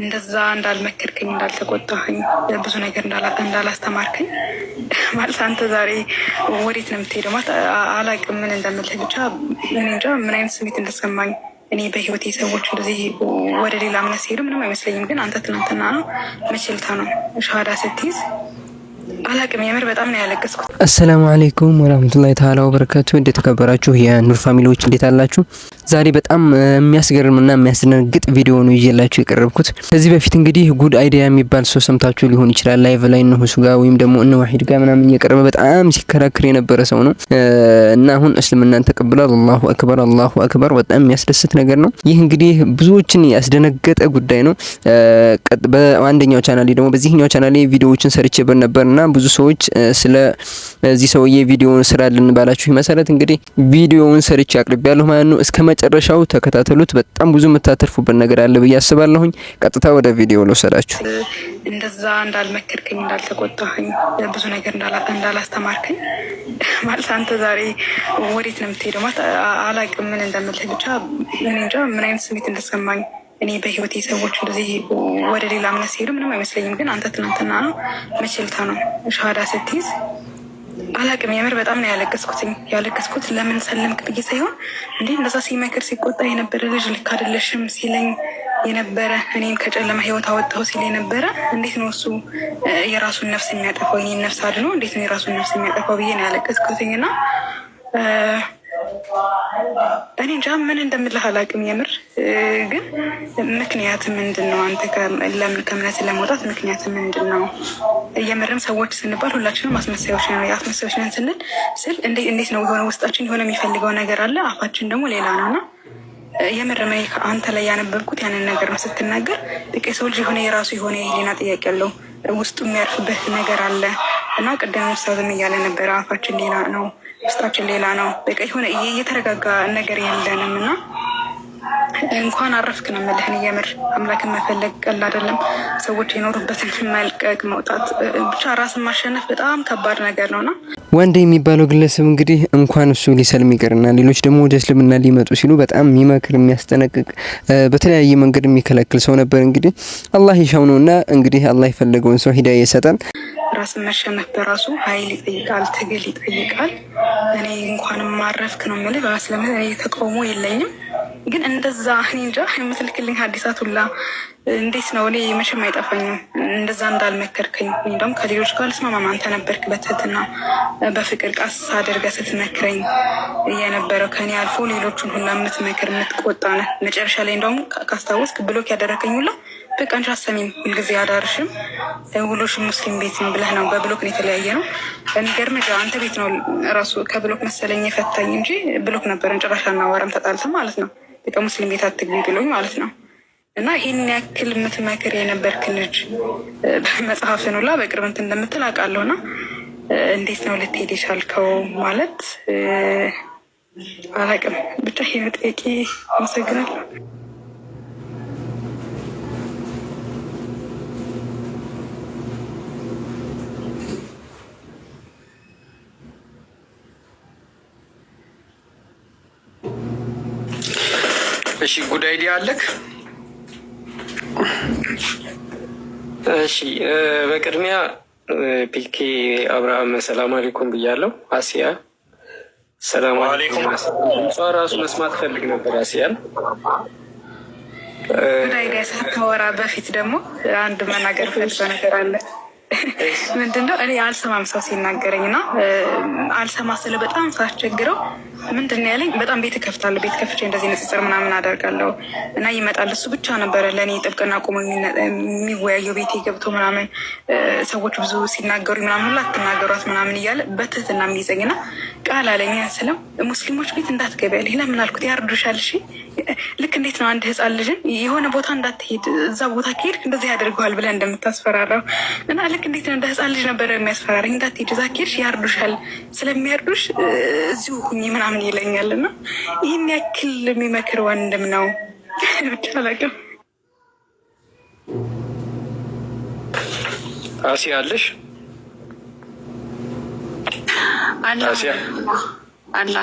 እንደዛ እንዳልመከርከኝ እንዳልተቆጣኸኝ ብዙ ነገር እንዳላስተማርከኝ ማለት አንተ ዛሬ ወዴት ነው የምትሄደው? ማለት አላቅም ምን እንደምልህ ብቻ እንጃ ምን አይነት ስሜት እንደሰማኝ እኔ በህይወቴ ሰዎች እንደዚህ ወደ ሌላ እምነት ሲሄዱ ምንም አይመስለኝም። ግን አንተ ትናንትና ነው መችልታ ነው ሻሃዳ ስትይዝ አላቅም የምር በጣም ነው ያለቀስኩት። አሰላሙ ወራህመቱላሂ ተዓላ ወበረካቱ። እንዴት ተከበራችሁ የኑር ፋሚሊዎች እንዴት አላችሁ? ዛሬ በጣም የሚያስገርምና የሚያስደነግጥ ቪዲዮ ነው ይዤላችሁ የቀረብኩት። ከዚህ በፊት እንግዲህ ጉድ አይዲያ የሚባል ሰው ሰምታችሁ ሊሆን ይችላል። ላይቭ ላይ እነ ሁሱ ጋር ወይም ደግሞ እነ ዋሂድ ጋር ምናምን እየቀረበ በጣም ሲከራከር የነበረ ሰው ነው እና አሁን እስልምናን ተቀብሏል። አላሁ አክበር አላሁ አክበር። በጣም የሚያስደስት ነገር ነው። ይህ እንግዲህ ብዙዎችን ያስደነገጠ ጉዳይ ነው። በአንደኛው ቻናሌ ደግሞ በዚህኛው ቻናሌ ቪዲዮዎችን ሰርቼ ነበር እና ብዙ ሰዎች ስለ ሰውዬ ቪዲዮውን ስራ ልንባላችሁ መሰረት እንግዲህ ቪዲዮውን ሰርቼ አቅርቤያለሁ ማለት ነው። እስከ መጨረሻው ተከታተሉት። በጣም ብዙ የምታተርፉበት ነገር አለ ብዬ አስባለሁኝ። ቀጥታ ወደ ቪዲዮ ልውሰዳችሁ። እንደዛ እንዳልመከርከኝ፣ እንዳልተቆጣኸኝ፣ ብዙ ነገር እንዳላስተማርከኝ ማለት አንተ ዛሬ ወዴት ነው የምትሄደው ማለት አላቅም ምን እንደምልህ ብቻ እንጃ ምን አይነት ስሜት እንደሰማኝ እኔ በህይወት ሰዎች እንደዚህ ወደ ሌላ እምነት ሲሄዱ ምንም አይመስለኝም። ግን አንተ ትናንትና ነው መችልታ ነው ሻሃዳ ስትይዝ አላቅም። የምር በጣም ነው ያለቀስኩትኝ። ያለቀስኩት ለምን ሰለምክ ብዬ ሳይሆን እንዴ እንደዛ ሲመክር ሲቆጣ የነበረ ልጅ ልክ አይደለሽም ሲለኝ የነበረ እኔም ከጨለማ ህይወት አወጣው ሲል የነበረ እንዴት ነው እሱ የራሱን ነፍስ የሚያጠፋው? የኔን ነፍስ አድኖ እንዴት ነው የራሱን ነፍስ የሚያጠፋው ብዬ ነው ያለቀስኩትኝ እና እኔ እንጃ ምን እንደምልህ አላውቅም። የምር ግን ምክንያት ምንድን ነው? አንተ ለምን ከእምነት ለመውጣት ምክንያት ምንድን ነው? የምርም ሰዎች ስንባል ሁላችንም አስመሳዮች ነው። አስመሳዮች ነን ስንል ስል እንዴት ነው የሆነ ውስጣችን የሆነ የሚፈልገው ነገር አለ፣ አፋችን ደግሞ ሌላ ነው እና የምር እኔ ከአንተ ላይ ያነበብኩት ያንን ነገር ነው። ስትናገር በቃ ሰው ልጅ የሆነ የራሱ የሆነ የህሊና ጥያቄ አለው፣ ውስጡ የሚያርፍበት ነገር አለ እና ቅድም ውሳዝም እያለ ነበረ አፋችን ሌላ ነው ውስጣችን ሌላ ነው። በቃ የሆነ እየተረጋጋ ነገር የለንም እና እንኳን አረፍክ ነው የምልህን። የምር አምላክን መፈለግ ቀል አይደለም። ሰዎች የኖሩበትን መልቀቅ፣ መውጣት፣ ብቻ ራስን ማሸነፍ በጣም ከባድ ነገር ነውና ወንድ የሚባለው ግለሰብ እንግዲህ እንኳን እሱ ሊሰልም ይቅርና ሌሎች ደግሞ ወደ እስልምና ሊመጡ ሲሉ በጣም የሚመክር የሚያስጠነቅቅ፣ በተለያየ መንገድ የሚከለክል ሰው ነበር። እንግዲህ አላህ ይሻው ነውና እንግዲህ አላህ የፈለገውን ሰው ሂዳያ ይሰጣል። ራስን መሸነፍ በራሱ ኃይል ይጠይቃል፣ ትግል ይጠይቃል። እኔ እንኳን ማረፍክ ነው የምልህ። በመስለምን ተቃውሞ የለኝም፣ ግን እንደዛ እኔ እንጃ የምትልክልኝ ሀዲሳት ሁላ እንዴት ነው? እኔ መቼም አይጠፋኝም እንደዛ እንዳልመከርከኝ። እንደውም ከሌሎች ጋር ልስማማም፣ አንተ ነበርክ በትህትና በፍቅር ቃስ አድርገህ ስትመክረኝ የነበረው ከኔ አልፎ ሌሎቹን ሁላ የምትመክር የምትቆጣ ነህ። መጨረሻ ላይ እንደውም ካስታወስክ ብሎክ ያደረከኝ ሁላ በቃ አንቺ አሰሚም ሁልጊዜ አዳርሽም ውሎሽ ሙስሊም ቤት ብለህ ነው። በብሎክ ነው የተለያየ ነው። በሚገርምህ አንተ ቤት ነው ራሱ ከብሎክ መሰለኝ የፈታኝ እንጂ ብሎክ ነበረን። ጭራሽ አናወራም ተጣልተን ማለት ነው። በቃ ሙስሊም ቤት አትግቢ ብሎኝ ማለት ነው። እና ይህን ያክል የምትመክር የነበርክ ልጅ መጽሐፍ ኑላ በቅርብ እንትን እንደምትል አውቃለሁ። እና እንዴት ነው ልትሄድ የቻልከው ማለት አላውቅም። ብቻ ይህ መጠየቄ አመሰግናለሁ። እሺ ጉድ አይዲ አለክ? እሺ በቅድሚያ ፒኬ አብርሃም ሰላም አሌኩም ብያለው። አሲያ ሰላም አለይኩም። እሷ ራሱ መስማት ፈልግ ነበር አሲያን። ጉድ አይዲ ከወራ በፊት ደግሞ አንድ መናገር ፈልገ ነገር አለ ምንድነው? እኔ አልሰማም ሰው ሲናገረኝ እና አልሰማ ስለ በጣም ሳስቸግረው ምንድን ነው ያለኝ፣ በጣም ቤት ከፍታለሁ ቤት ከፍቼ እንደዚህ ንጽጽር ምናምን አደርጋለሁ እና ይመጣል። እሱ ብቻ ነበረ ለእኔ ጥብቅና ቆሞ የሚወያየው ቤቴ ገብቶ ምናምን ሰዎች ብዙ ሲናገሩ ምናምን ሁላ አትናገሯት ምናምን እያለ በትህትና የሚይዘኝ እና ቃል አለኝ ስለው ሙስሊሞች ቤት እንዳትገቢ አለኝ። ለምን አልኩት፣ ያርዱሻል። እሺ ልክ እንዴት ነው አንድ ህፃን ልጅን የሆነ ቦታ እንዳትሄድ እዛ ቦታ ከሄድክ እንደዚህ ያደርገዋል ብለን እንደምታስፈራራው እና ልክ እንዴት ነው እንደ ህፃን ልጅ ነበረ የሚያስፈራረኝ፣ እንዳትሄድ እዛ ከሄድሽ ያርዱሻል፣ ስለሚያርዱሽ እዚሁ ሁኚ ምናምን ምናምን ይለኛል እና ይህን ያክል የሚመክር ወንድም ነው ብቻ አላውቅም። አሲ አለሽ አላ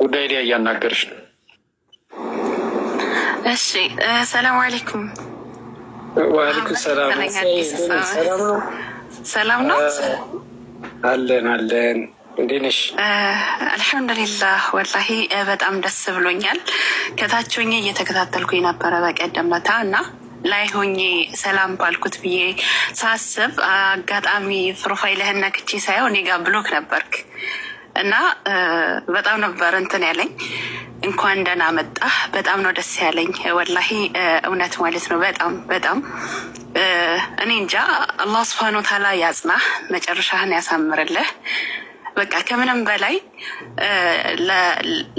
ጉዳይ ላይ እያናገርሽ ነው። እሺ ሰላም አለይኩም። ዋለይኩም ሰላም። ሰላም ነው። ሰላም ነው። አለን አለን እንዴት ነሽ? አልሐምዱሊላህ ወላሂ በጣም ደስ ብሎኛል። ከታች ሆኜ እየተከታተልኩ የነበረ በቀደም ለታ እና ላይ ሆኜ ሰላም ባልኩት ብዬ ሳስብ አጋጣሚ ፕሮፋይልህን ነክቼ ሳይሆን እኔ ጋ ብሎክ ነበርክ እና በጣም ነበር እንትን ያለኝ እንኳን ደህና መጣህ። በጣም ነው ደስ ያለኝ ወላሂ እውነት ማለት ነው። በጣም በጣም እኔ እንጃ። አላህ ስብሃነ ወተዓላ ያጽናህ፣ መጨረሻህን ያሳምርልህ። በቃ ከምንም በላይ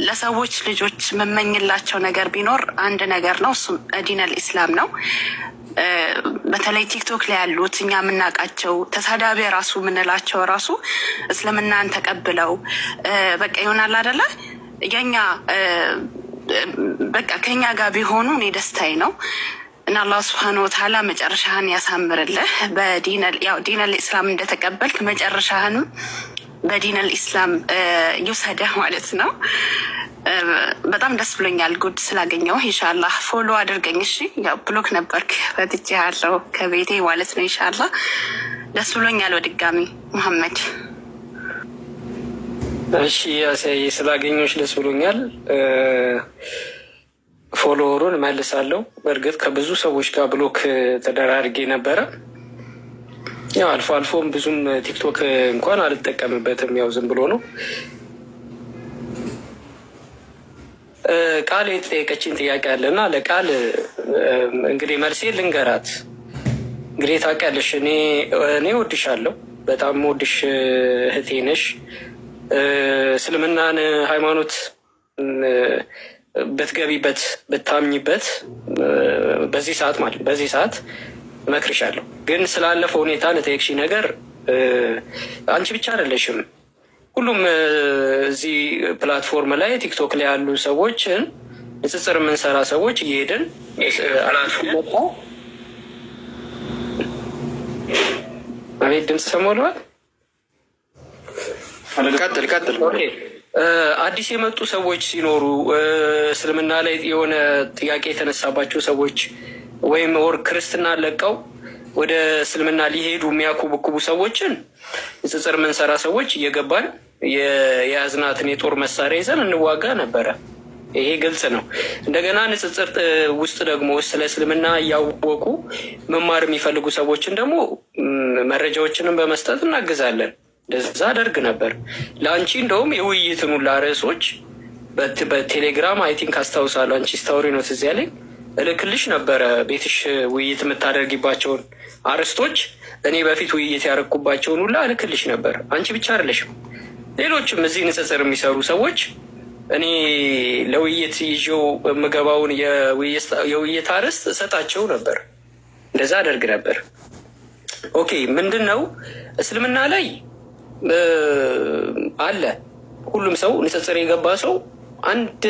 ለሰዎች ልጆች መመኝላቸው ነገር ቢኖር አንድ ነገር ነው። እሱም ዲነል ኢስላም ነው። በተለይ ቲክቶክ ላይ ያሉት እኛ የምናውቃቸው ተሳዳቢ ራሱ የምንላቸው ራሱ እስልምናን ተቀብለው በቃ ይሆናል አደለ የኛ በቃ ከኛ ጋር ቢሆኑ እኔ ደስታዬ ነው። እና አላህ ስብሃነ ወተዓላ መጨረሻህን ያሳምርልህ። በዲን ያው እንደተቀበልክ መጨረሻህንም በዲን አልኢስላም ይውሰደህ ማለት ነው። በጣም ደስ ብሎኛል ጉድ ስላገኘው። ኢንሻላህ ፎሎ አድርገኝ እሺ። ያው ብሎክ ነበርክ ፈትቼ ያለው ከቤቴ ማለት ነው። ኢንሻላህ ደስ ብሎኛል በድጋሚ መሐመድ። እሺ ያሳይ ስላገኘች ደስ ብሎኛል። ፎሎወሩን መልሳለሁ። በእርግጥ ከብዙ ሰዎች ጋር ብሎክ ተደራርጌ ነበረ ያው አልፎ አልፎም ብዙም ቲክቶክ እንኳን አልጠቀምበትም። ያው ዝም ብሎ ነው። ቃል የጠየቀችኝ ጥያቄ አለ እና ለቃል እንግዲህ መልሴ ልንገራት። እንግዲህ ታውቂያለሽ፣ እኔ እኔ ወድሻለሁ፣ በጣም ወድሽ እህቴ ነሽ። እስልምናን ሃይማኖት ብትገቢበት ብታምኝበት በዚህ ሰዓት ማለት በዚህ ሰዓት መክርሻለሁ። ግን ስላለፈው ሁኔታ ለተየክሺ ነገር አንቺ ብቻ አይደለሽም። ሁሉም እዚህ ፕላትፎርም ላይ ቲክቶክ ላይ ያሉ ሰዎችን ንጽጽር የምንሰራ ሰዎች እየሄድን አቤት ድምፅ ሰማሁ ቀጥል ቀጥል። አዲስ የመጡ ሰዎች ሲኖሩ እስልምና ላይ የሆነ ጥያቄ የተነሳባቸው ሰዎች ወይም ወር ክርስትና ለቀው ወደ እስልምና ሊሄዱ የሚያኩብኩቡ ሰዎችን ንጽጽር ምንሰራ ሰዎች እየገባን የያዝናትን የጦር መሳሪያ ይዘን እንዋጋ ነበረ። ይሄ ግልጽ ነው። እንደገና ንጽጽር ውስጥ ደግሞ ስለ እስልምና እያወቁ መማር የሚፈልጉ ሰዎችን ደግሞ መረጃዎችንም በመስጠት እናግዛለን። እንደዛ አደርግ ነበር። ለአንቺ እንደውም የውይይትኑ ሁላ በቴሌግራም አይቲንክ አስታውሳለሁ። አንቺ ስታውሪ ነው ትዝ ያለኝ እልክልሽ ነበረ ቤትሽ ውይይት የምታደርጊባቸውን አርዕስቶች እኔ በፊት ውይይት ያደረግኩባቸውን ሁላ እልክልሽ ነበር። አንቺ ብቻ አይደለሽም፣ ሌሎችም እዚህ ንጽጽር የሚሰሩ ሰዎች እኔ ለውይይት ይዤው የምገባውን የውይይት አርዕስት እሰጣቸው ነበር። እንደዛ አደርግ ነበር። ኦኬ፣ ምንድን ነው እስልምና ላይ አለ ሁሉም ሰው ንጽጽር የገባ ሰው አንድ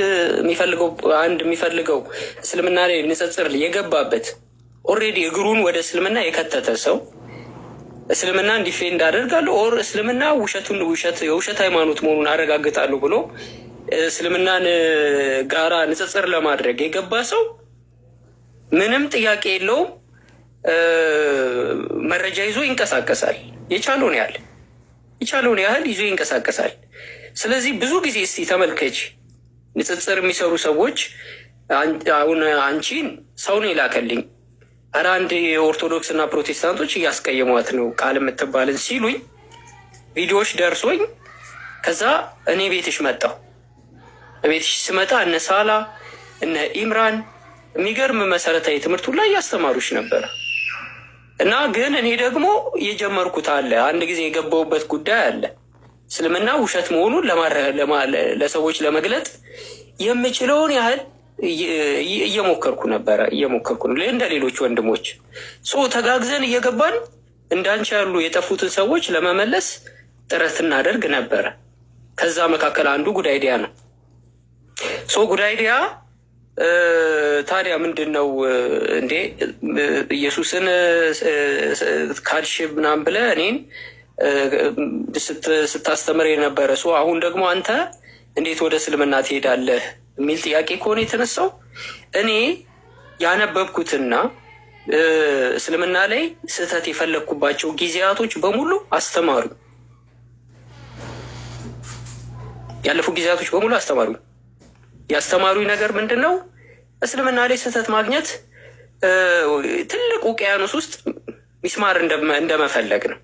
የሚፈልገው አንድ የሚፈልገው እስልምና ላይ ንጽጽር የገባበት ኦሬዲ እግሩን ወደ እስልምና የከተተ ሰው እስልምና እንዲፌንድ አደርጋለሁ ኦር እስልምና ውሸቱን ውሸት የውሸት ሃይማኖት መሆኑን አረጋግጣለሁ ብሎ እስልምናን ጋራ ንጽጽር ለማድረግ የገባ ሰው ምንም ጥያቄ የለውም፣ መረጃ ይዞ ይንቀሳቀሳል። የቻለውን ያህል የቻለውን ያህል ይዞ ይንቀሳቀሳል። ስለዚህ ብዙ ጊዜ እስቲ ተመልከች። ንጽጽር የሚሰሩ ሰዎች አሁን አንቺን ሰው ነው ይላከልኝ፣ ኧረ አንድ የኦርቶዶክስ እና ፕሮቴስታንቶች እያስቀየሟት ነው ቃል የምትባልን ሲሉኝ ቪዲዮዎች ደርሶኝ ከዛ እኔ ቤትሽ መጣሁ። ቤትሽ ስመጣ እነ ሳላ እነ ኢምራን የሚገርም መሰረታዊ ትምህርቱ ላይ እያስተማሩች ነበረ እና ግን እኔ ደግሞ የጀመርኩት አለ አንድ ጊዜ የገባሁበት ጉዳይ አለ እስልምና ውሸት መሆኑን ለሰዎች ለመግለጥ የምችለውን ያህል እየሞከርኩ ነበረ እየሞከርኩ ነው እንደ ሌሎች ወንድሞች ሶ ተጋግዘን እየገባን እንዳንቺ ያሉ የጠፉትን ሰዎች ለመመለስ ጥረት እናደርግ ነበረ። ከዛ መካከል አንዱ ጉዳይዲያ ነው። ሶ ጉዳይዲያ ታዲያ ምንድን ነው እንዴ ኢየሱስን ካድሽ ምናምን ብለህ እኔን ስታስተምር የነበረ ሰው አሁን ደግሞ አንተ እንዴት ወደ እስልምና ትሄዳለህ የሚል ጥያቄ ከሆነ የተነሳው እኔ ያነበብኩትና እስልምና ላይ ስህተት የፈለግኩባቸው ጊዜያቶች በሙሉ አስተማሩ ያለፉ ጊዜያቶች በሙሉ አስተማሩ። ያስተማሩ ነገር ምንድን ነው? እስልምና ላይ ስህተት ማግኘት ትልቅ ውቅያኖስ ውስጥ ሚስማር እንደመፈለግ ነው።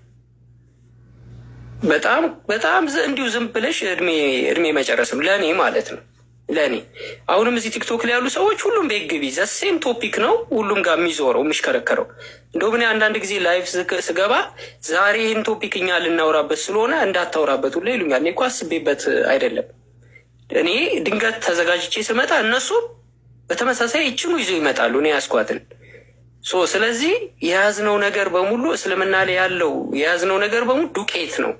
በጣም በጣም እንዲሁ ዝም ብለሽ እድሜ መጨረስ ነው ለእኔ ማለት ነው። ለእኔ አሁንም እዚህ ቲክቶክ ላይ ያሉ ሰዎች ሁሉም በግቢ ዘሴም ቶፒክ ነው ሁሉም ጋር የሚዞረው የሚሽከረከረው። እንደውም እኔ አንዳንድ ጊዜ ላይፍ ስገባ ዛሬ ይህን ቶፒክ እኛ ልናውራበት ስለሆነ እንዳታወራበት ሁላ ይሉኛል። እኔ እኮ አስቤበት አይደለም። እኔ ድንገት ተዘጋጅቼ ስመጣ እነሱ በተመሳሳይ ይችኑ ይዘው ይመጣሉ። እኔ ያስኳትን ሶ ስለዚህ የያዝነው ነገር በሙሉ እስልምና ላይ ያለው የያዝነው ነገር በሙሉ ዱቄት ነው።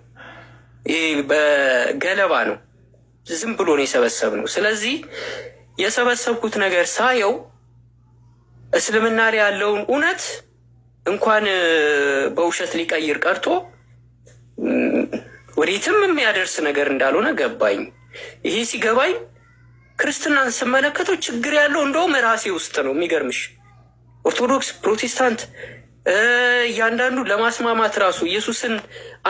ገለባ ነው፣ ዝም ብሎ ነው የሰበሰብነው። ስለዚህ የሰበሰብኩት ነገር ሳየው እስልምና ላይ ያለውን እውነት እንኳን በውሸት ሊቀይር ቀርቶ ወዴትም የሚያደርስ ነገር እንዳልሆነ ገባኝ። ይሄ ሲገባኝ ክርስትናን ስመለከተው ችግር ያለው እንደውም ራሴ ውስጥ ነው። የሚገርምሽ ኦርቶዶክስ፣ ፕሮቴስታንት እያንዳንዱ ለማስማማት ራሱ ኢየሱስን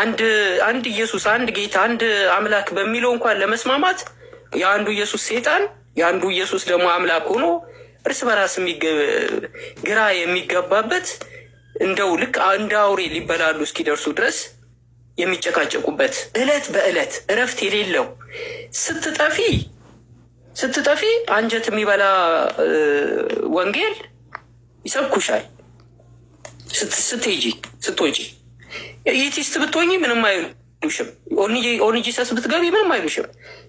አንድ አንድ ኢየሱስ አንድ ጌታ አንድ አምላክ በሚለው እንኳን ለመስማማት የአንዱ ኢየሱስ ሴጣን የአንዱ ኢየሱስ ደግሞ አምላክ ሆኖ እርስ በራስ ግራ የሚገባበት እንደው ልክ እንደ አውሬ ሊበላሉ እስኪደርሱ ድረስ የሚጨቃጨቁበት እለት በእለት እረፍት የሌለው ስትጠፊ ስትጠፊ አንጀት የሚበላ ወንጌል ይሰብኩሻል። ስትሄጂ ስትወጪ የቲስት ብትወኝ ምንም አይሉሽም። ኦርኒጂሰስ ብትገቢ ምንም አይሉሽም።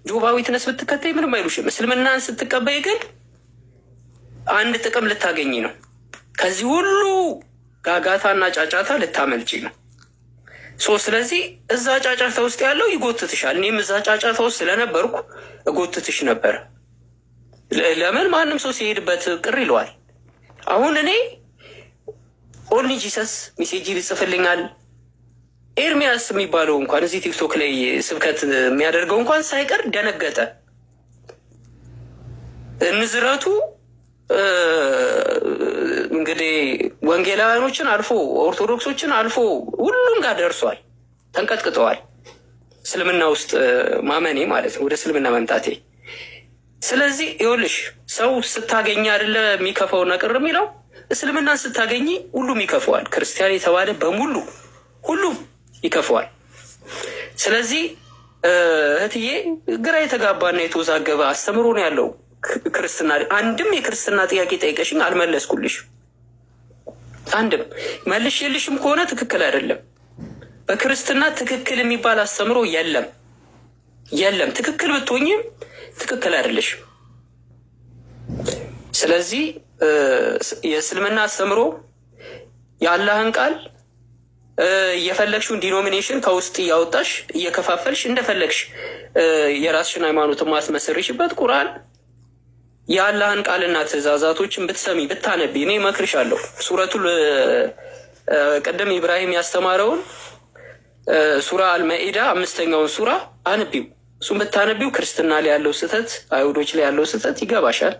ጆባዊትነስ ብትከተይ ምንም አይሉሽም። እስልምናን ስትቀበይ ግን አንድ ጥቅም ልታገኝ ነው። ከዚህ ሁሉ ጋጋታና ጫጫታ ልታመልጪ ነው። ሶ ስለዚህ እዛ ጫጫታ ውስጥ ያለው ይጎትትሻል። እኔም እዛ ጫጫታ ውስጥ ስለነበርኩ እጎትትሽ ነበር። ለምን ማንም ሰው ሲሄድበት ቅር ይለዋል። አሁን እኔ ኦንሊ ጂሰስ ሚሴጅ ይጽፍልኛል። ኤርሚያስ የሚባለው እንኳን እዚህ ቲክቶክ ላይ ስብከት የሚያደርገው እንኳን ሳይቀር ደነገጠ። ንዝረቱ እንግዲህ ወንጌላውያኖችን አልፎ ኦርቶዶክሶችን አልፎ ሁሉም ጋር ደርሷል። ተንቀጥቅጠዋል። እስልምና ውስጥ ማመኔ ማለት ነው፣ ወደ እስልምና መምጣቴ። ስለዚህ ይኸውልሽ ሰው ስታገኝ አይደለ የሚከፋውና ነቅር የሚለው እስልምና ስታገኝ ሁሉም ይከፈዋል። ክርስቲያን የተባለ በሙሉ ሁሉም ይከፈዋል። ስለዚህ እህትዬ ግራ የተጋባና የተወዛገበ አስተምሮ ነው ያለው ክርስትና። አንድም የክርስትና ጥያቄ ጠይቀሽኝ አልመለስኩልሽ። አንድም መልሼልሽም ከሆነ ትክክል አይደለም። በክርስትና ትክክል የሚባል አስተምሮ የለም የለም። ትክክል ብትሆኝም ትክክል አይደለሽም። ስለዚህ የእስልምና አስተምሮ የአላህን ቃል እየፈለግሽውን ዲኖሚኔሽን ከውስጥ እያወጣሽ እየከፋፈልሽ እንደፈለግሽ የራስሽን ሃይማኖት ማስመሰርሽበት ቁርአን የአላህን ቃልና ትእዛዛቶችን ብትሰሚ ብታነቢ እኔ እመክርሻለሁ። ሱረቱ ቅድም ኢብራሂም ያስተማረውን ሱራ አልመኢዳ አምስተኛውን ሱራ አንቢው። እሱም ብታነቢው ክርስትና ላይ ያለው ስህተት አይሁዶች ላይ ያለው ስህተት ይገባሻል።